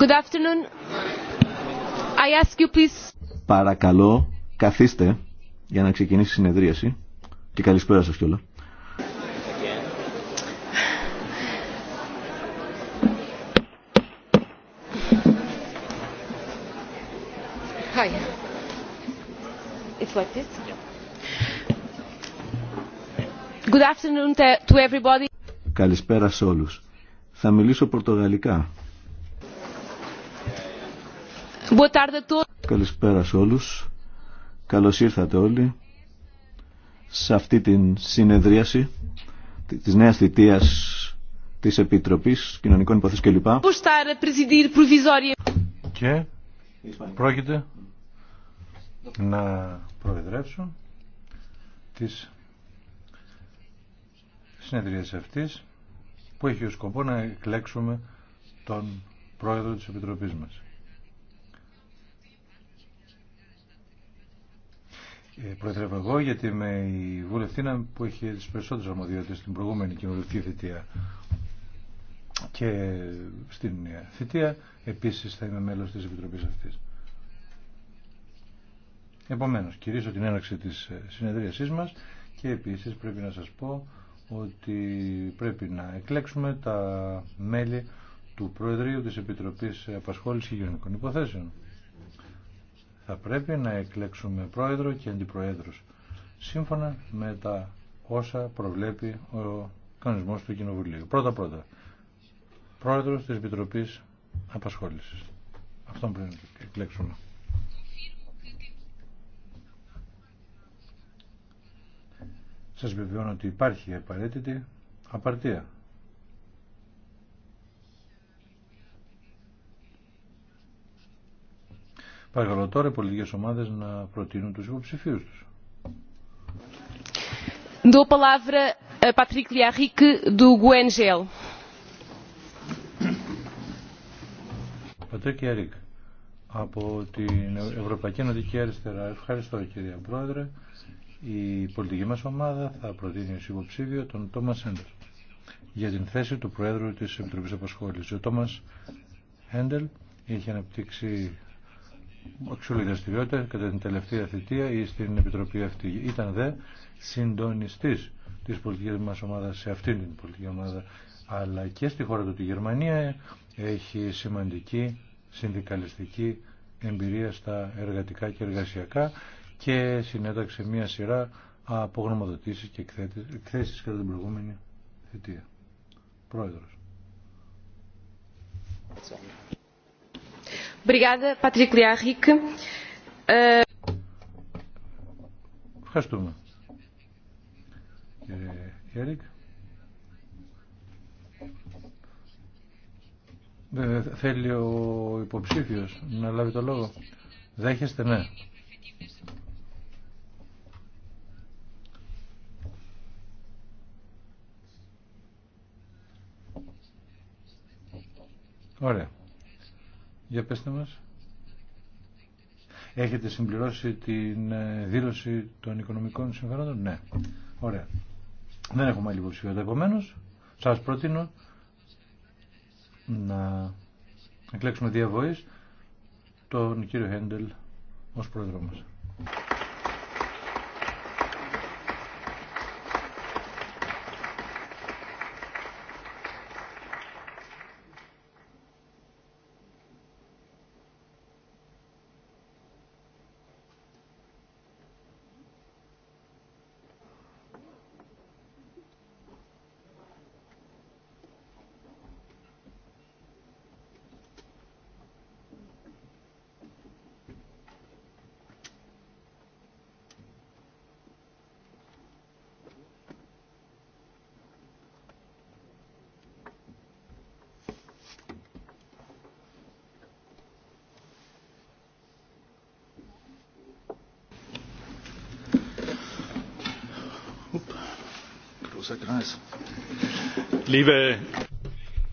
Good afternoon. Παρακαλώ, καθίστε για να ξεκινήσει η συνεδρίαση. Και καλησπέρα σας κιόλα. Hi. It's like this. Good afternoon to everybody. Καλησπέρα σε όλους. Θα μιλήσω πορτογαλικά. Καλησπέρα σε όλους. Καλώς ήρθατε όλοι σε αυτή την συνεδρίαση της νέας θητείας της Επιτροπής Κοινωνικών Υποθέσεων κλπ. Και πρόκειται να προεδρεύσω της συνεδρίας αυτής που έχει ως σκοπό να εκλέξουμε τον πρόεδρο της Επιτροπής μας. Ε, προεδρεύω εγώ γιατί είμαι η βουλευτήνα που έχει τις περισσότερες αρμοδιότητες στην προηγούμενη κοινοβουλευτική θητεία. Και στην θητεία επίσης θα είμαι μέλος της Επιτροπής αυτής. Επομένως, κηρύσω την έναρξη της ε, συνεδρίασής μας και επίσης πρέπει να σας πω ότι πρέπει να εκλέξουμε τα μέλη του Προεδρείου της Επιτροπής Απασχόλησης και Γενικών Υποθέσεων θα πρέπει να εκλέξουμε πρόεδρο και αντιπροέδρου σύμφωνα με τα όσα προβλέπει ο κανονισμός του Κοινοβουλίου. Πρώτα πρώτα, πρόεδρος της Επιτροπής Απασχόλησης. Αυτόν πρέπει να εκλέξουμε. Σας βεβαιώνω ότι υπάρχει απαραίτητη απαρτία. Παρακαλώ τώρα οι πολιτικές ομάδες να προτείνουν τους υποψηφίους τους. Δώ palavra a Patrick Liarric do Guengel. Πατρίκ Λιαρίκ, από την Ευρωπαϊκή Ενωτική Αριστερά. Ευχαριστώ κυρία Πρόεδρε. Η πολιτική μας ομάδα θα προτείνει ως υποψήφιο τον Τόμα Έντελ για την θέση του Προέδρου της Επιτροπής Απασχόλησης. Ο Τόμας Έντελ είχε αναπτύξει αξιόλογη δραστηριότητα κατά την τελευταία θητεία ή στην Επιτροπή αυτή. Ήταν δε συντονιστή της πολιτική μα ομάδα σε αυτήν την πολιτική ομάδα αλλά και στη χώρα του τη Γερμανία έχει σημαντική συνδικαλιστική εμπειρία στα εργατικά και εργασιακά και συνέταξε μία σειρά από γνωμοδοτήσεις και εκθέσεις κατά την προηγούμενη θητεία. Πρόεδρος. Ε, ευχαριστούμε. Κύριε ε, θέλει ο υποψήφιος να λάβει το λόγο. Δέχεστε, ναι. Ωραία. Για πέστε μας. Έχετε συμπληρώσει την ε, δήλωση των οικονομικών συμφερόντων. Ναι. Ωραία. Δεν έχουμε άλλη υποψηφιότητα. Επομένω, σα προτείνω να εκλέξουμε διαβοή τον κύριο Χέντελ ως πρόεδρο μας.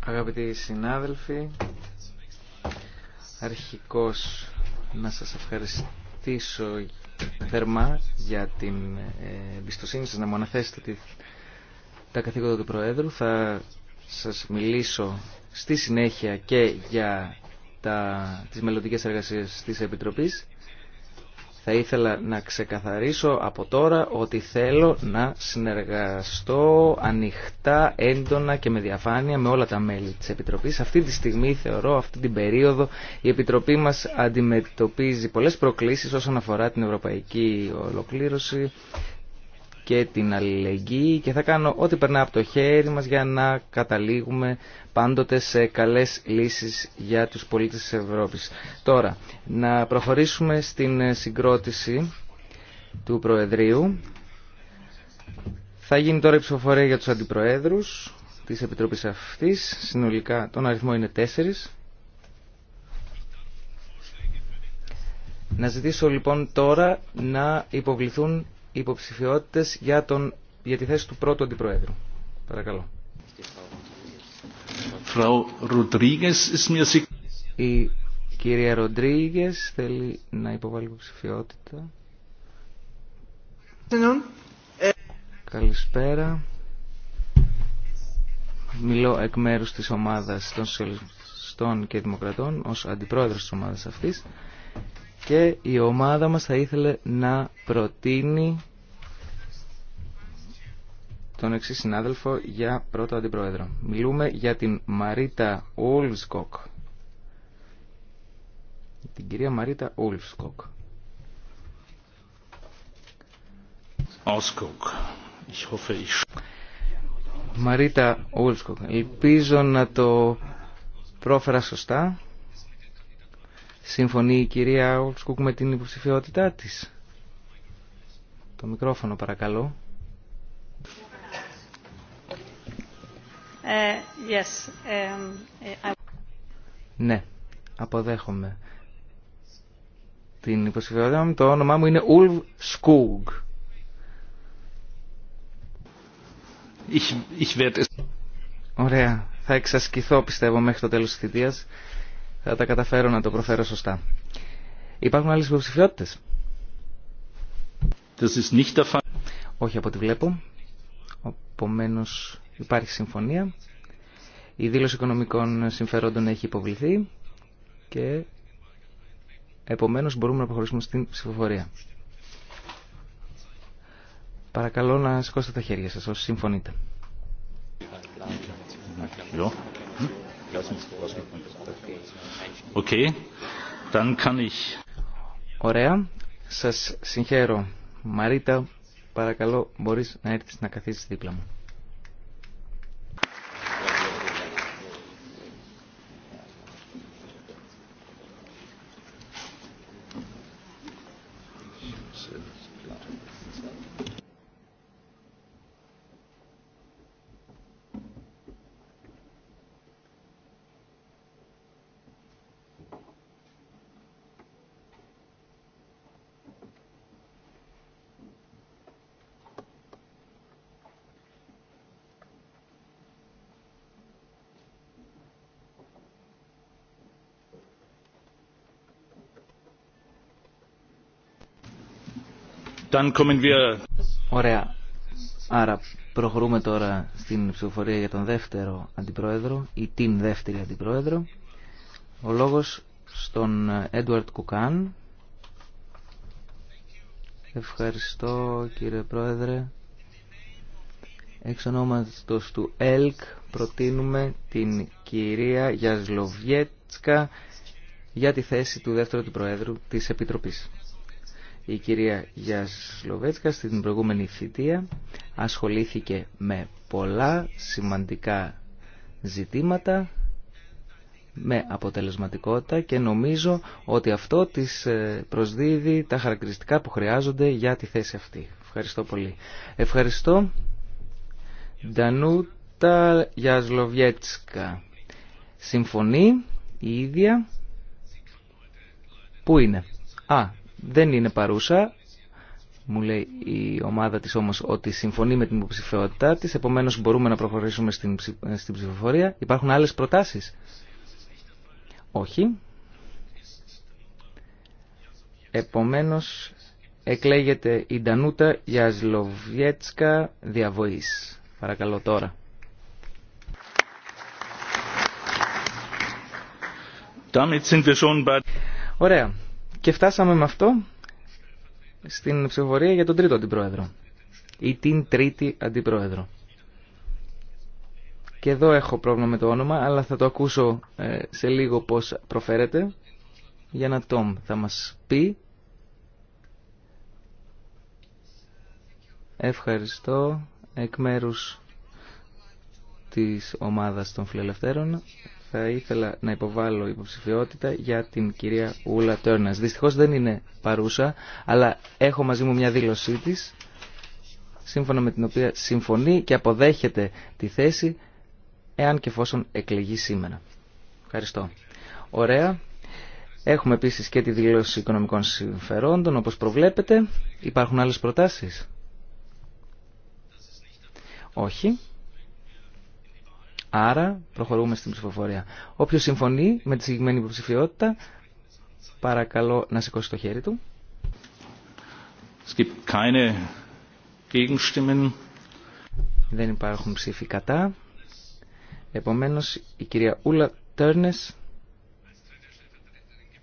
Αγαπητοί συνάδελφοι, αρχικώς να σας ευχαριστήσω θερμά για την ε, εμπιστοσύνη σας να μου αναθέσετε τα καθήκοντα του Προέδρου. Θα σας μιλήσω στη συνέχεια και για τα, τις μελλοντικές εργασίες της Επιτροπής. Θα ήθελα να ξεκαθαρίσω από τώρα ότι θέλω να συνεργαστώ ανοιχτά, έντονα και με διαφάνεια με όλα τα μέλη της Επιτροπής. Αυτή τη στιγμή θεωρώ, αυτή την περίοδο, η Επιτροπή μας αντιμετωπίζει πολλές προκλήσεις όσον αφορά την ευρωπαϊκή ολοκλήρωση, και την αλληλεγγύη και θα κάνω ό,τι περνά από το χέρι μας για να καταλήγουμε πάντοτε σε καλές λύσεις για τους πολίτες της Ευρώπης. Τώρα, να προχωρήσουμε στην συγκρότηση του Προεδρείου. Θα γίνει τώρα η ψηφοφορία για τους αντιπροέδρους της Επιτροπής αυτής. Συνολικά τον αριθμό είναι τέσσερις. Να ζητήσω λοιπόν τώρα να υποβληθούν υποψηφιότητε για, για τη θέση του πρώτου αντιπροέδρου. Παρακαλώ. Η κυρία Ροντρίγε θέλει να υποβάλει υποψηφιότητα. Καλησπέρα. Μιλώ εκ μέρους της ομάδας των Σοσιαλιστών και Δημοκρατών ως αντιπρόεδρος της ομάδας αυτής και η ομάδα μας θα ήθελε να προτείνει τον εξής συνάδελφο για πρώτο αντιπρόεδρο. Μιλούμε για την Μαρίτα Ούλσκοκ. Την κυρία Μαρίτα Ούλσκοκ. Μαρίτα Ούλσκοκ. Ελπίζω να το πρόφερα σωστά. Συμφωνεί η κυρία Ολσκούκ με την υποψηφιότητά της. Το μικρόφωνο παρακαλώ. Ε, yes. Um, I... Ναι, αποδέχομαι. Την υποψηφιότητά μου το όνομά μου είναι Ulf Σκούγ. Ωραία. Θα εξασκηθώ πιστεύω μέχρι το τέλος της θητείας θα τα καταφέρω να το προφέρω σωστά. Υπάρχουν άλλες υποψηφιότητες. Όχι από ό,τι βλέπω. Οπομένως υπάρχει συμφωνία. Η δήλωση οικονομικών συμφερόντων έχει υποβληθεί και επομένως μπορούμε να προχωρήσουμε στην ψηφοφορία. Παρακαλώ να σηκώσετε τα χέρια σας όσοι συμφωνείτε. Ωραία. Σας συγχαίρω. Μαρίτα, παρακαλώ μπορείς να έρθεις να καθίσεις δίπλα μου. Ωραία. Άρα προχωρούμε τώρα στην ψηφοφορία για τον δεύτερο αντιπρόεδρο ή την δεύτερη αντιπρόεδρο. Ο λόγος στον Έντουαρτ Κουκάν. Ευχαριστώ κύριε Πρόεδρε. Εξ ονόματος του ΕΛΚ προτείνουμε την κυρία Γιαζλοβιέτσκα για τη θέση του δεύτερου του Προέδρου της Επιτροπής. Η κυρία Γιασλοβέτσκα στην προηγούμενη θητεία ασχολήθηκε με πολλά σημαντικά ζητήματα με αποτελεσματικότητα και νομίζω ότι αυτό της ε, προσδίδει τα χαρακτηριστικά που χρειάζονται για τη θέση αυτή. Ευχαριστώ πολύ. Ευχαριστώ. Ντανούτα Γιασλοβιέτσκα. Συμφωνεί η ίδια. Πού είναι. Α, δεν είναι παρούσα. Μου λέει η ομάδα της όμως ότι συμφωνεί με την υποψηφιότητά της, επομένως μπορούμε να προχωρήσουμε στην, στην ψηφοφορία. Υπάρχουν άλλες προτάσεις. Όχι. Επομένως εκλέγεται η Ντανούτα Γιαζλοβιέτσκα διαβοής. Παρακαλώ τώρα. Ωραία. Και φτάσαμε με αυτό στην ψηφοφορία για τον τρίτο αντιπρόεδρο ή την τρίτη αντιπρόεδρο. Και εδώ έχω πρόβλημα με το όνομα, αλλά θα το ακούσω ε, σε λίγο πώς προφέρεται. Για να Τόμ θα μας πει. Ευχαριστώ εκ μέρους της ομάδας των φιλελευθέρων θα ήθελα να υποβάλω υποψηφιότητα για την κυρία Ούλα Τέρνας. Δυστυχώς δεν είναι παρούσα, αλλά έχω μαζί μου μια δήλωσή της, σύμφωνα με την οποία συμφωνεί και αποδέχεται τη θέση, εάν και εφόσον εκλεγεί σήμερα. Ευχαριστώ. Ωραία. Έχουμε επίσης και τη δήλωση οικονομικών συμφερόντων, όπως προβλέπετε. Υπάρχουν άλλες προτάσεις. Όχι. Άρα προχωρούμε στην ψηφοφορία. Όποιο συμφωνεί με τη συγκεκριμένη υποψηφιότητα, παρακαλώ να σηκώσει το χέρι του. Δεν υπάρχουν ψήφοι κατά. Επομένω, η κυρία Ούλα Τέρνες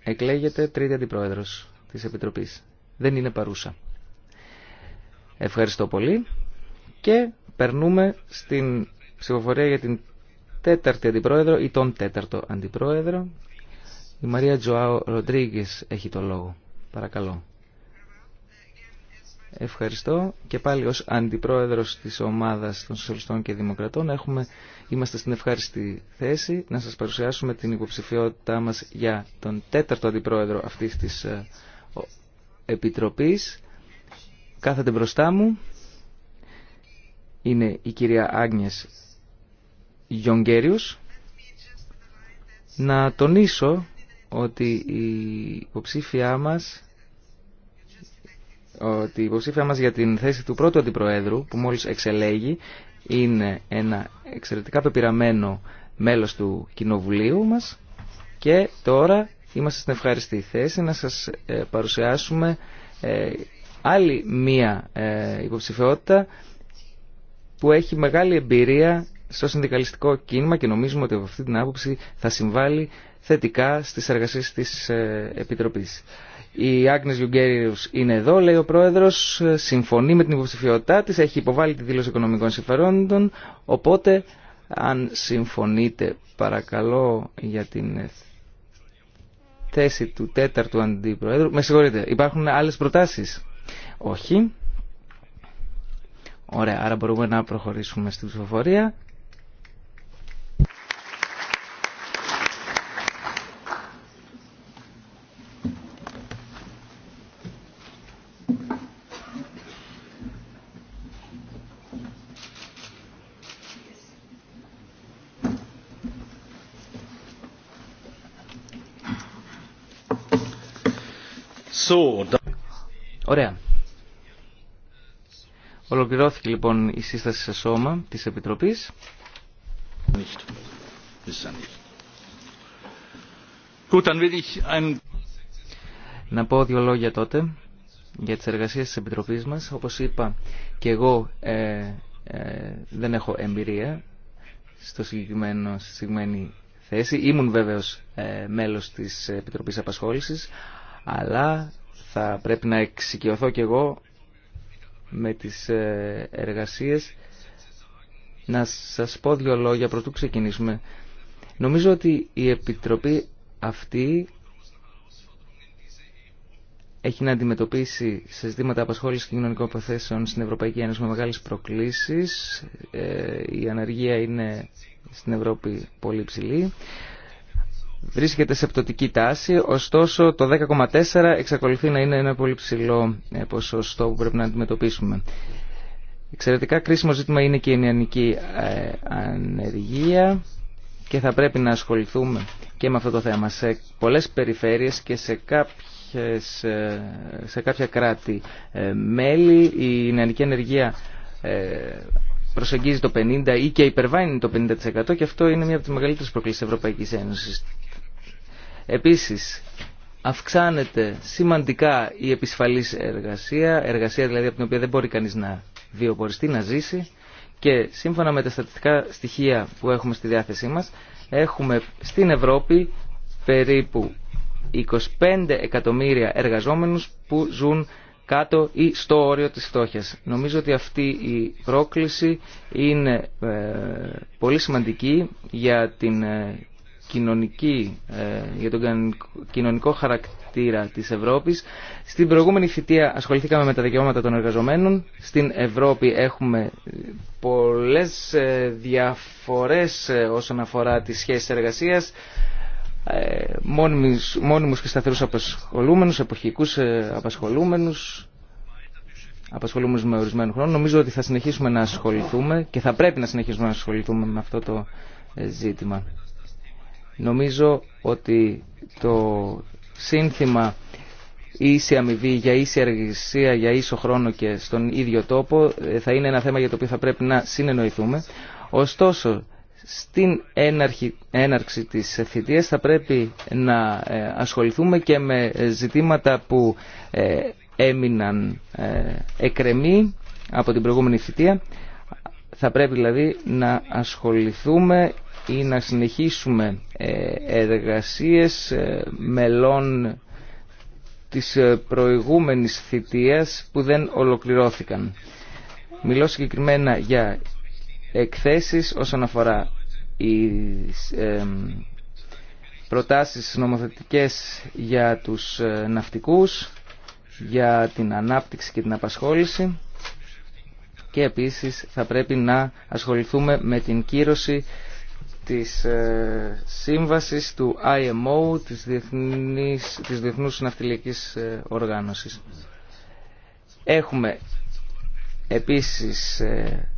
εκλέγεται τρίτη αντιπρόεδρο της Επιτροπής. Δεν είναι παρούσα. Ευχαριστώ πολύ και περνούμε στην ψηφοφορία για την τέταρτη αντιπρόεδρο ή τον τέταρτο αντιπρόεδρο. Η Μαρία Τζοάο Ροντρίγκες ροντριγκε εχει το λόγο. Παρακαλώ. Ευχαριστώ και πάλι ως αντιπρόεδρος της ομάδας των Σοσιαλιστών και Δημοκρατών έχουμε, είμαστε στην ευχάριστη θέση να σας παρουσιάσουμε την υποψηφιότητά μας για τον τέταρτο αντιπρόεδρο αυτής της ε, Επιτροπής. Κάθεται μπροστά μου. Είναι η κυρία Άγνιες Γιονγκέριους. Να τονίσω ότι η υποψήφια μας ότι η υποψήφια μας για την θέση του πρώτου αντιπροέδρου που μόλις εξελέγει είναι ένα εξαιρετικά πεπειραμένο μέλος του κοινοβουλίου μας και τώρα είμαστε στην ευχαριστή θέση να σας ε, παρουσιάσουμε ε, άλλη μία ε, υποψηφιότητα που έχει μεγάλη εμπειρία στο συνδικαλιστικό κίνημα και νομίζουμε ότι από αυτή την άποψη θα συμβάλλει θετικά στις εργασίες της ε, Επιτροπής. Η Άγνες Λιουγκέριος είναι εδώ, λέει ο Πρόεδρος, ε, συμφωνεί με την υποψηφιότητά της, έχει υποβάλει τη δήλωση οικονομικών συμφερόντων, οπότε αν συμφωνείτε παρακαλώ για την θέση του τέταρτου αντιπροέδρου. Με συγχωρείτε, υπάρχουν άλλες προτάσεις. Όχι. Ωραία, άρα μπορούμε να προχωρήσουμε στην ψηφοφορία Ωραία. Ολοκληρώθηκε λοιπόν η σύσταση σε σώμα της Επιτροπής. Να πω δύο λόγια τότε για τις εργασίες της Επιτροπής μας. Όπως είπα και εγώ ε, ε, δεν έχω εμπειρία στο συγκεκριμένο, στη συγκεκριμένη θέση. Ήμουν βέβαιος ε, μέλος της Επιτροπής Απασχόλησης, αλλά θα πρέπει να εξοικειωθώ κι εγώ με τις ε, εργασίες. Να σας πω δύο λόγια πρωτού ξεκινήσουμε. Νομίζω ότι η Επιτροπή αυτή έχει να αντιμετωπίσει σε ζητήματα απασχόλησης και κοινωνικών υποθέσεων στην Ευρωπαϊκή Ένωση με μεγάλες προκλήσεις. Ε, η αναργία είναι στην Ευρώπη πολύ ψηλή βρίσκεται σε πτωτική τάση, ωστόσο το 10,4 εξακολουθεί να είναι ένα πολύ ψηλό ε, ποσοστό που πρέπει να αντιμετωπίσουμε. Εξαιρετικά κρίσιμο ζήτημα είναι και η νεανική ε, ανεργία και θα πρέπει να ασχοληθούμε και με αυτό το θέμα. Σε πολλές περιφέρειες και σε κάποιες, ε, σε κάποια κράτη μέλη η νεανική ανεργία προσεγγίζει το 50% ή και υπερβάνει το 50% και αυτό είναι μια από τις μεγαλύτερες προκλήσεις της Ευρωπαϊκής Ένωσης. Επίσης, αυξάνεται σημαντικά η επισφαλής εργασία, εργασία δηλαδή από την οποία δεν μπορεί κανείς να βιοποριστεί, να ζήσει και σύμφωνα με τα στατιστικά στοιχεία που έχουμε στη διάθεσή μας έχουμε στην Ευρώπη περίπου 25 εκατομμύρια εργαζόμενους που ζουν κάτω ή στο όριο της φτώχειας. Νομίζω ότι αυτή η πρόκληση είναι ε, πολύ σημαντική για την ε, κοινωνική, ε, για τον κοινωνικό χαρακτήρα της Ευρώπης. Στην προηγούμενη θητεία ασχοληθήκαμε με τα δικαιώματα των εργαζομένων. Στην Ευρώπη έχουμε ε, πολλές ε, διαφορές όσον αφορά τις σχέσεις εργασίας μόνιμους, μόνιμους και σταθερούς απασχολούμενους, εποχικούς απασχολούμενους, απασχολούμενους με ορισμένο χρόνο. Νομίζω ότι θα συνεχίσουμε να ασχοληθούμε και θα πρέπει να συνεχίσουμε να ασχοληθούμε με αυτό το ζήτημα. Νομίζω ότι το σύνθημα ίση αμοιβή για ίση εργασία, για ίσο χρόνο και στον ίδιο τόπο ε, θα είναι ένα θέμα για το οποίο θα πρέπει να συνεννοηθούμε. Ωστόσο, στην έναρξη της θητείας θα πρέπει να ε, ασχοληθούμε και με ζητήματα που ε, έμειναν εκρεμή από την προηγούμενη θητεία θα πρέπει δηλαδή να ασχοληθούμε ή να συνεχίσουμε ε, εργασίες ε, μελών της ε, προηγούμενης θητείας που δεν ολοκληρώθηκαν. Μιλώ συγκεκριμένα για εκθέσεις όσον αφορά τις προτάσεις νομοθετικές για τους ναυτικούς, για την ανάπτυξη και την απασχόληση και επίσης θα πρέπει να ασχοληθούμε με την κύρωση της ε, σύμβασης του IMO, της, Διεθνής, της Διεθνούς Ναυτιλιακής ε, Οργάνωσης. Έχουμε επίσης ε,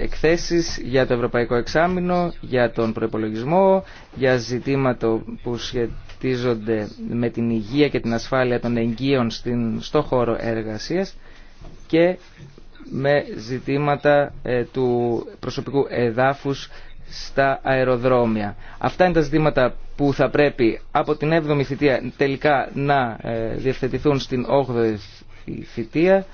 εκθέσεις για το Ευρωπαϊκό Εξάμεινο, για τον προϋπολογισμό, για ζητήματα που σχετίζονται με την υγεία και την ασφάλεια των εγγύων στην, στο χώρο εργασίας και με ζητήματα ε, του προσωπικού εδάφους στα αεροδρόμια. Αυτά είναι τα ζητήματα που θα πρέπει από την 7η θητεία τελικά να ε, διευθετηθούν στην 8η θητεία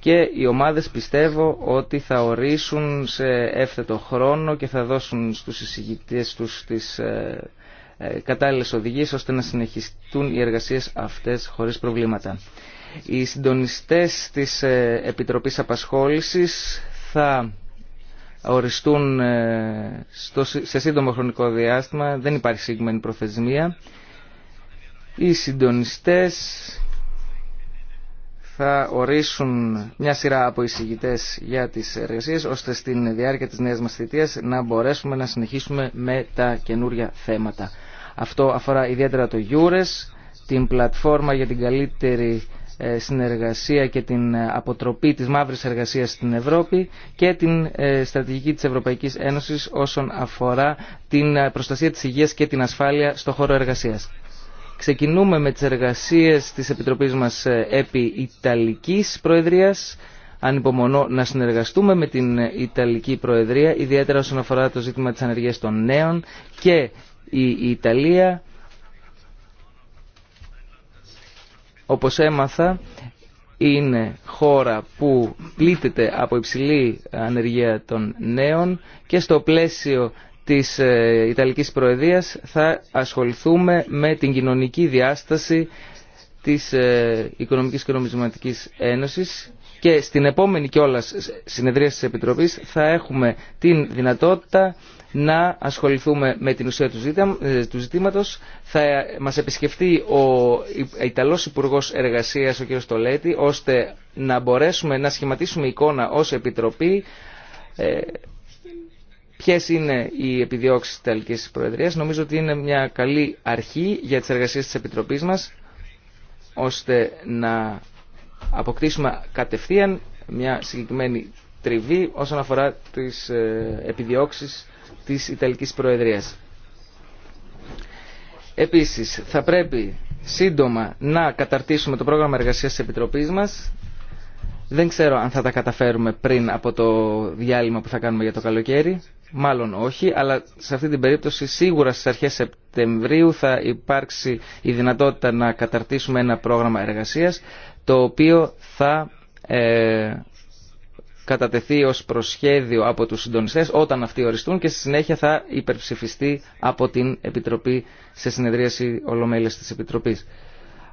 και οι ομάδες πιστεύω ότι θα ορίσουν σε έφθετο χρόνο και θα δώσουν στους εισηγητές τους τις ε, κατάλληλες οδηγίες ώστε να συνεχιστούν οι εργασίες αυτές χωρίς προβλήματα. Οι συντονιστές της ε, Επιτροπής Απασχόλησης θα οριστούν ε, σε σύντομο χρονικό διάστημα, δεν υπάρχει συγκεκριμένη προθεσμία. Οι συντονιστές θα ορίσουν μια σειρά από εισηγητέ για τις εργασίες, ώστε στην διάρκεια της νέας μας θητείας να μπορέσουμε να συνεχίσουμε με τα καινούρια θέματα. Αυτό αφορά ιδιαίτερα το Eures, την πλατφόρμα για την καλύτερη ε, συνεργασία και την ε, αποτροπή της μαύρης εργασίας στην Ευρώπη και την ε, στρατηγική της Ευρωπαϊκής Ένωσης όσον αφορά την προστασία της υγείας και την ασφάλεια στο χώρο εργασίας. Ξεκινούμε με τις εργασίες της Επιτροπής μας επί Ιταλικής Προεδρίας. Ανυπομονώ να συνεργαστούμε με την Ιταλική Προεδρία, ιδιαίτερα όσον αφορά το ζήτημα της ανεργίας των νέων και η Ιταλία όπως έμαθα, είναι χώρα που πλήττεται από υψηλή ανεργία των νέων και στο πλαίσιο της ε, Ιταλικής Προεδρίας θα ασχοληθούμε με την κοινωνική διάσταση της ε, Οικονομικής και Νομισματικής Ένωσης και στην επόμενη κιόλας συνεδρία της Επιτροπής θα έχουμε την δυνατότητα να ασχοληθούμε με την ουσία ε, του ζητήματος. Θα μας επισκεφτεί ο Ιταλός Υπουργός Εργασίας, ο κ. Στολέτη, ώστε να μπορέσουμε να σχηματίσουμε εικόνα ως Επιτροπή ε, ποιε είναι οι επιδιώξει τη Ιταλική Προεδρία. Νομίζω ότι είναι μια καλή αρχή για τι εργασίε τη Επιτροπή μα, ώστε να αποκτήσουμε κατευθείαν μια συγκεκριμένη τριβή όσον αφορά τι ε, επιδιώξει της Ιταλικής Προεδρίας. Επίσης, θα πρέπει σύντομα να καταρτήσουμε το πρόγραμμα εργασίας της Επιτροπής μας. Δεν ξέρω αν θα τα καταφέρουμε πριν από το διάλειμμα που θα κάνουμε για το καλοκαίρι. Μάλλον όχι, αλλά σε αυτή την περίπτωση σίγουρα στις αρχές Σεπτεμβρίου θα υπάρξει η δυνατότητα να καταρτήσουμε ένα πρόγραμμα εργασίας το οποίο θα ε, κατατεθεί ως προσχέδιο από τους συντονιστές όταν αυτοί οριστούν και στη συνέχεια θα υπερψηφιστεί από την Επιτροπή σε συνεδρίαση ολομέλειας της Επιτροπής.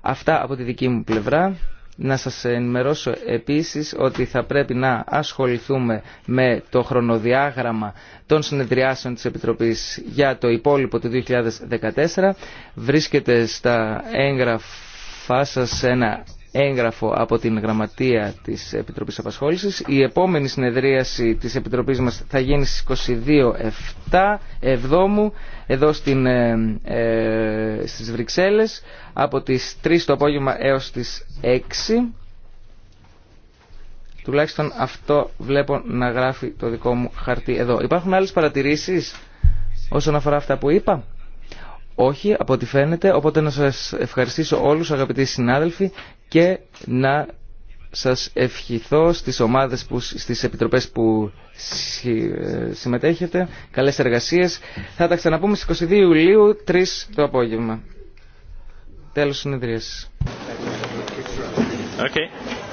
Αυτά από τη δική μου πλευρά. Να σας ενημερώσω επίσης ότι θα πρέπει να ασχοληθούμε με το χρονοδιάγραμμα των συνεδριάσεων της Επιτροπής για το υπόλοιπο του 2014. Βρίσκεται στα έγγραφά σας ένα έγγραφο από την Γραμματεία της Επιτροπής Απασχόλησης. Η επόμενη συνεδρίαση της Επιτροπής μας θα γίνει στις 22 Εβδόμου εδώ στην, ε, ε, στις Βρυξέλλες από τις 3 το απόγευμα έως τις 6. Τουλάχιστον αυτό βλέπω να γράφει το δικό μου χαρτί εδώ. Υπάρχουν άλλες παρατηρήσεις όσον αφορά αυτά που είπα. Όχι, από ό,τι φαίνεται, οπότε να σας ευχαριστήσω όλους αγαπητοί συνάδελφοι και να σας ευχηθώ στις ομάδες, που, στις επιτροπές που ε, συμμετέχετε. Καλές εργασίες. Θα τα ξαναπούμε στις 22 Ιουλίου, 3 το απόγευμα. Τέλος συνεδρίας. Okay.